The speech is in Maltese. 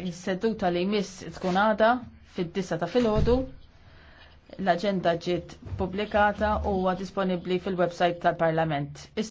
Is-seduta li jmiss tkun għada fid-disa ta' filgħodu. L-aġenda ġiet pubblikata u huwa disponibbli fil-website tal-Parlament.